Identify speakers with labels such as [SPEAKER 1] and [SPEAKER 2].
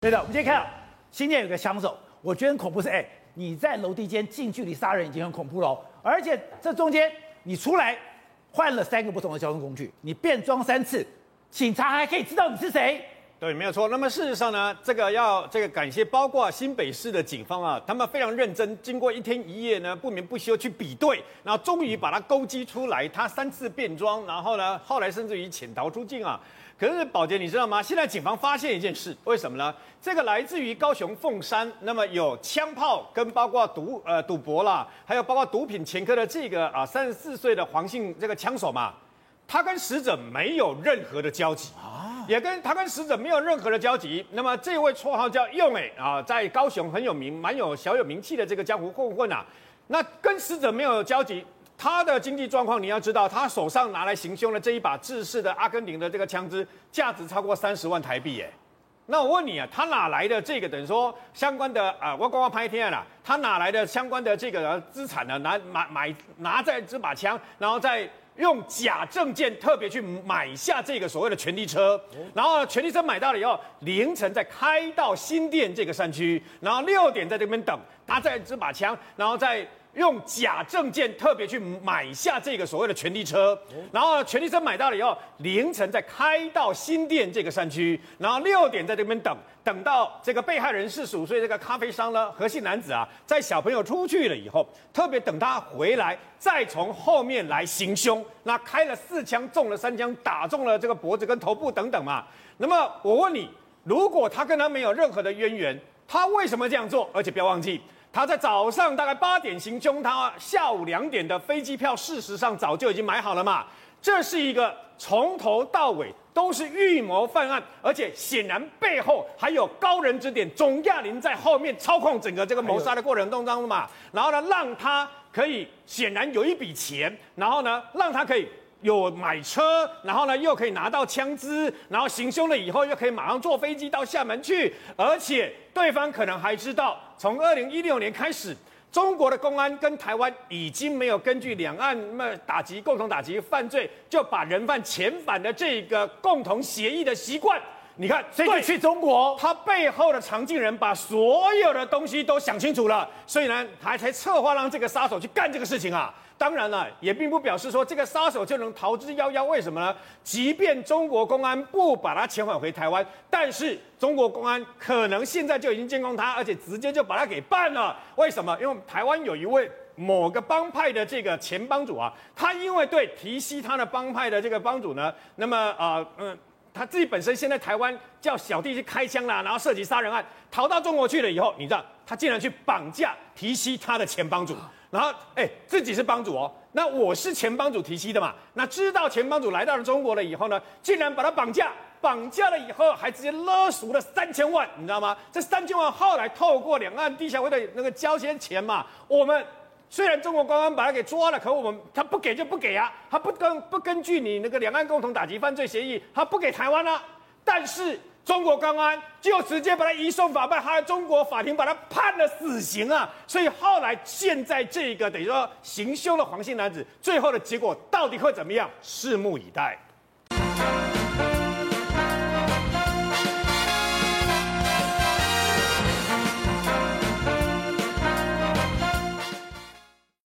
[SPEAKER 1] 對的，我們今天看啊，新店有個槍手，我覺得很恐怖是，哎，你在樓梯間近距離殺人已經很恐怖嘍，而且這中間你出來換了三個不同的交通工具，你變裝三次，警察還可以知道你是誰。對，沒有錯。那麼事實上呢，這個要這個感謝包括新北市的警方啊，他們非常認真，經過一天一夜呢，不眠不休去比對，然後終於把他勾稽出來。他三次變裝，然後呢，後來甚至於潛逃出境啊。可是寶傑你知道嗎？現在警方發現一件事，為什麼呢？這個來自於高雄鳳山，那麼有槍炮跟包括毒呃賭博啦，還有包括毒品前科的這個啊三十四歲的黃姓這個槍手嘛，他跟死者沒有任何的交集。也跟他跟死者沒有任何的交集。那麼這位綽號叫“用美”啊、呃，在高雄很有名，蠻有小有名氣的這個江湖混混啊，那跟死者沒有交集。他的經濟狀況你要知道，他手上拿來行兇的這一把制式的阿根廷的這個槍支，價值超過三十萬台幣耶。那我問你啊，他哪來的這個？等於說相關的啊、呃，我剛剛拍片了，他哪來的相關的這個資產呢，啊？拿買買拿在這把槍，然後再。用假證件特別去買下這個所謂的權利車，嗯、然後權利車買到了以後，凌晨再開到新店這個山區，然後六點在這邊等，拿在這把槍，然後再。用假證件特別去買下這個所謂的權利車，嗯、然後權利車買到了以後，凌晨再開到新店這個山區，然後六點在這邊等，等到這個被害人四十五歲這個咖啡商呢，何姓男子啊，在小朋友出去了以後，特別等他回來，再從後面來行凶，那開了四槍，中了三槍，打中了這個脖子跟頭部等等嘛。那麼我問你，如果他跟他沒有任何的淵源，他為什麼這樣做？而且不要忘記。他在早上大概八點行凶，他下午兩點的飛機票事實上早就已經買好了嘛。這是一個從頭到尾都是預謀犯案，而且顯然背後還有高人指點，總亞林在後面操控整個這個謀殺的過程當中嘛。然後呢，讓他可以顯然有一筆錢，然後呢，讓他可以。有買車，然後呢，又可以拿到槍支，然後行凶了以後，又可以馬上坐飛機到廈門去，而且對方可能還知道，從二零一六年開始，中國的公安跟台灣已經沒有根據兩岸那麼打擊，共同打擊犯罪，就把人犯遣返的這個共同協議的習慣。你看，所以去中國，他背後的藏鏡人把所有的東西都想清楚了，所以呢，他才才策劃讓這個殺手去幹這個事情啊。當然了，也並不表示說這個殺手就能逃之夭夭。為什麼呢？即便中國公安不把他遣返回台灣，但是中國公安可能現在就已經監控他，而且直接就把他給辦了。為什麼？因為台灣有一位某個幫派的這個前幫主啊，他因為對提攜他的幫派的這個幫主呢，那麼啊、呃，嗯。他自己本身現在台灣叫小弟去開槍啦，然後涉及殺人案，逃到中國去了以後，你知道他竟然去綁架提攜他的前幫主，然後哎自己是幫主哦，那我是前幫主提攜的嘛，那知道前幫主來到了中國了以後呢，竟然把他綁架，綁架了以後還直接勒贖了三千萬，你知道嗎？這三千萬後來透過兩岸地下匯的那個交接錢嘛，我們。雖然中國公安把他給抓了，可我們他不給就不給啊，他不根不根據你那個兩岸共同打擊犯罪協議，他不給台灣了啊。但是中國公安就直接把他移送法辦，還有中國法庭把他判了死刑啊！所以後來現在這個等於說行凶的黃姓男子，最後的結果到底會怎麼樣？拭目以待。